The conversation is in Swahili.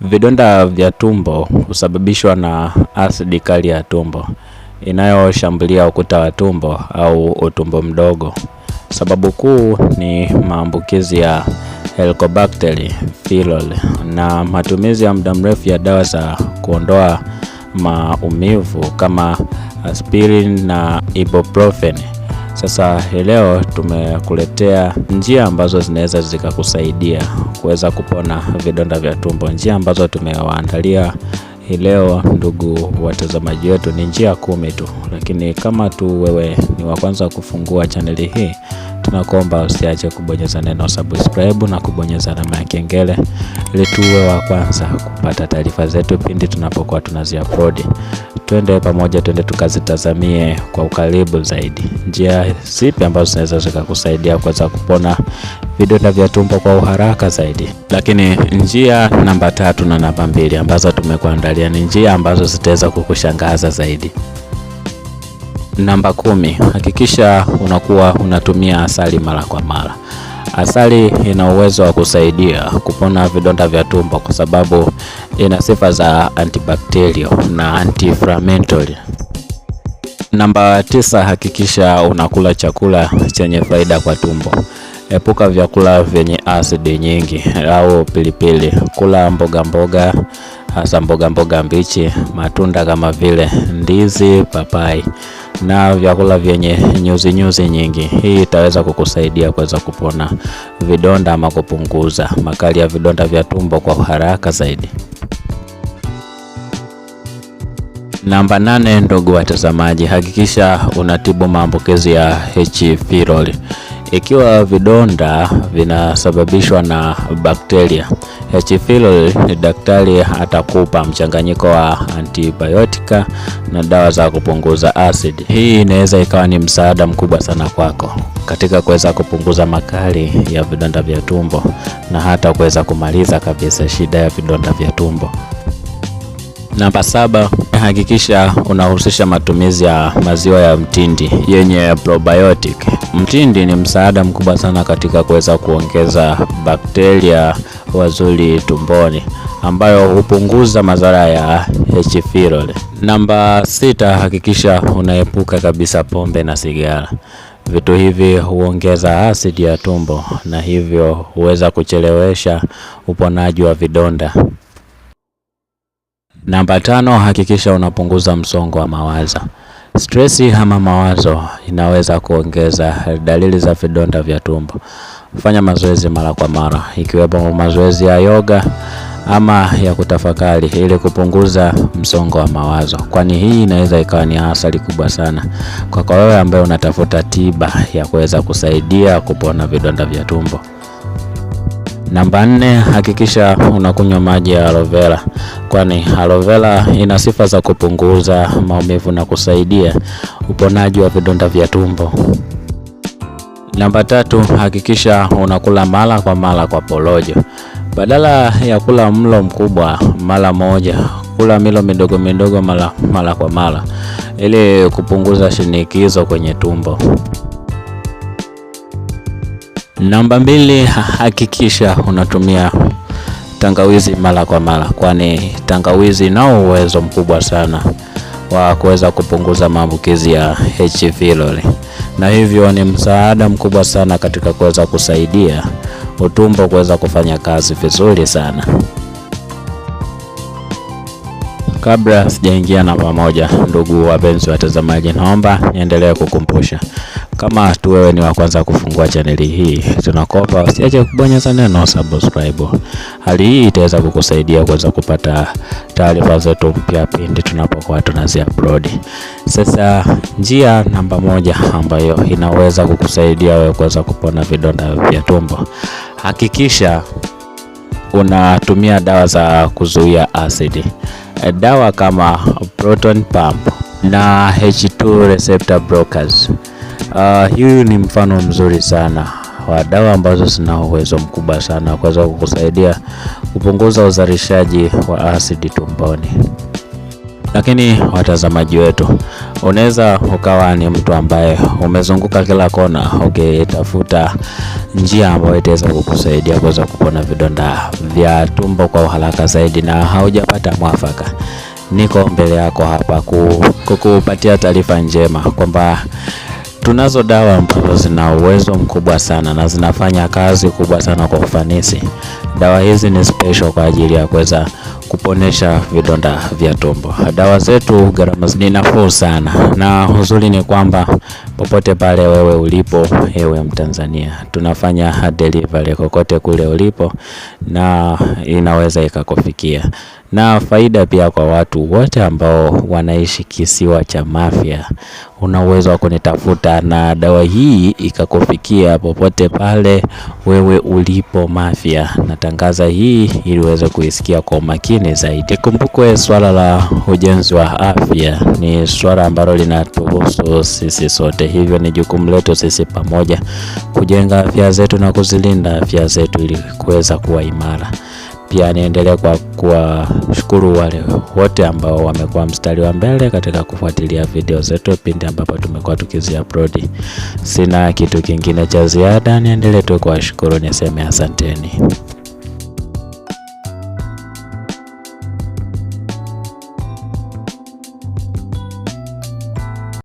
Vidonda vya tumbo husababishwa na asidi kali ya tumbo inayoshambulia ukuta wa tumbo au utumbo mdogo. Sababu kuu ni maambukizi ya Helicobacter pylori na matumizi ya muda mrefu ya dawa za kuondoa maumivu kama aspirin na ibuprofen. Sasa leo tumekuletea njia ambazo zinaweza zikakusaidia kuweza kupona vidonda vya tumbo. Njia ambazo tumewaandalia hii leo, ndugu watazamaji wetu, ni njia kumi tu, lakini kama tu wewe ni wa kwanza kufungua chaneli hii tunakuomba usiache kubonyeza neno subscribe na kubonyeza alama ya kengele ili tuwe wa kwanza kupata taarifa zetu pindi tunapokuwa tunazi upload twende pamoja, twende tukazitazamie kwa ukaribu zaidi njia zipi ambazo zinaweza zikakusaidia kuweza kupona vidonda vya tumbo kwa uharaka zaidi. Lakini njia namba tatu na namba mbili ambazo tumekuandalia ni njia ambazo zitaweza kukushangaza zaidi. Namba kumi, hakikisha unakuwa unatumia asali mara kwa mara. Asali ina uwezo wa kusaidia kupona vidonda vya tumbo kwa sababu ina sifa za antibakterio na anti-inflammatory. Namba tisa, hakikisha unakula chakula chenye faida kwa tumbo. Epuka vyakula vyenye asidi nyingi au pilipili. Kula mboga mboga, hasa mboga mboga mbichi, matunda kama vile ndizi, papai na vyakula vyenye nyuzi nyuzi nyingi. Hii itaweza kukusaidia kuweza kupona vidonda ama kupunguza makali ya vidonda vya tumbo kwa haraka zaidi. Namba nane, ndugu watazamaji, hakikisha unatibu maambukizi ya H. pylori. Ikiwa vidonda vinasababishwa na bakteria Hfl daktari atakupa mchanganyiko wa antibiotika na dawa za kupunguza asidi. Hii inaweza ikawa ni msaada mkubwa sana kwako katika kuweza kupunguza makali ya vidonda vya tumbo na hata kuweza kumaliza kabisa shida ya vidonda vya tumbo. Namba saba, hakikisha unahusisha matumizi ya maziwa ya mtindi yenye probiotic. Mtindi ni msaada mkubwa sana katika kuweza kuongeza bakteria wazuri tumboni ambayo hupunguza madhara ya H-Pylori. Namba sita, hakikisha unaepuka kabisa pombe na sigara. Vitu hivi huongeza asidi ya tumbo na hivyo huweza kuchelewesha uponaji wa vidonda. Namba tano, hakikisha unapunguza msongo wa mawazo. Stresi ama mawazo inaweza kuongeza dalili za vidonda vya tumbo. Fanya mazoezi mara kwa mara, ikiwepo mazoezi ya yoga ama ya kutafakari ili kupunguza msongo wa mawazo, kwani hii inaweza ikawa ni athari kubwa sana kwa wewe ambaye unatafuta tiba ya kuweza kusaidia kupona vidonda vya tumbo. Namba nne, hakikisha unakunywa maji ya aloe vera, kwani aloe vera ina sifa za kupunguza maumivu na kusaidia uponaji wa vidonda vya tumbo. Namba tatu, hakikisha unakula mara kwa mara kwa porojo. Badala ya kula mlo mkubwa mara moja, kula milo midogo midogo mara mara kwa mara ili kupunguza shinikizo kwenye tumbo. Namba mbili, hakikisha unatumia tangawizi mara kwa mara, kwani tangawizi inao uwezo mkubwa sana wa kuweza kupunguza maambukizi ya HIV loli na hivyo ni msaada mkubwa sana katika kuweza kusaidia utumbo kuweza kufanya kazi vizuri sana. Kabla sijaingia na pamoja, ndugu wapenzi watazamaji, naomba niendelee kukumbusha kama tu wewe ni wa kwanza kufungua chaneli hii, tunakuomba usiache kubonyeza neno subscribe. Hali hii itaweza kukusaidia kuweza kupata taarifa zetu mpya pindi tunapokuwa tunazi upload. Sasa njia namba moja ambayo inaweza kukusaidia wewe kuweza kupona vidonda vya tumbo, hakikisha unatumia dawa za kuzuia asidi, dawa kama proton pump na H2 receptor blockers. Ah, Huyu ni mfano mzuri sana wa dawa ambazo zina uwezo mkubwa sana kuweza kukusaidia kupunguza uzalishaji wa asidi tumboni. Lakini watazamaji wetu, unaweza ukawa ni mtu ambaye umezunguka kila kona ukitafuta njia ambayo itaweza kukusaidia kuweza kupona vidonda vya tumbo kwa uharaka zaidi na haujapata mwafaka. Niko mbele yako hapa kukupatia taarifa njema kwamba Tunazo dawa ambazo zina uwezo mkubwa sana na zinafanya kazi kubwa sana kwa ufanisi. Dawa hizi ni special kwa ajili ya kuweza kuponesha vidonda vya tumbo. Dawa zetu gharama ni nafuu sana, na uzuri ni kwamba popote pale wewe ulipo, ewe Mtanzania, tunafanya delivery kokote kule ulipo, na inaweza ikakufikia. Na faida pia kwa watu wote ambao wanaishi kisiwa cha Mafia, una uwezo wa kunitafuta na dawa hii ikakufikia popote pale wewe ulipo Mafia. Natangaza hii ili uweze kuisikia kwa umakini zaidi. Kumbukwe, swala la ujenzi wa afya ni swala ambalo linatuhusu sisi sote hivyo ni jukumu letu sisi pamoja kujenga afya zetu na kuzilinda afya zetu ili kuweza kuwa imara. Pia niendelee kwa kuwashukuru wale wote ambao wamekuwa mstari wa mbele katika kufuatilia video zetu pindi ambapo tumekuwa tukizi upload. Sina kitu kingine cha ziada, niendelee tu kuwashukuru, niseme asanteni.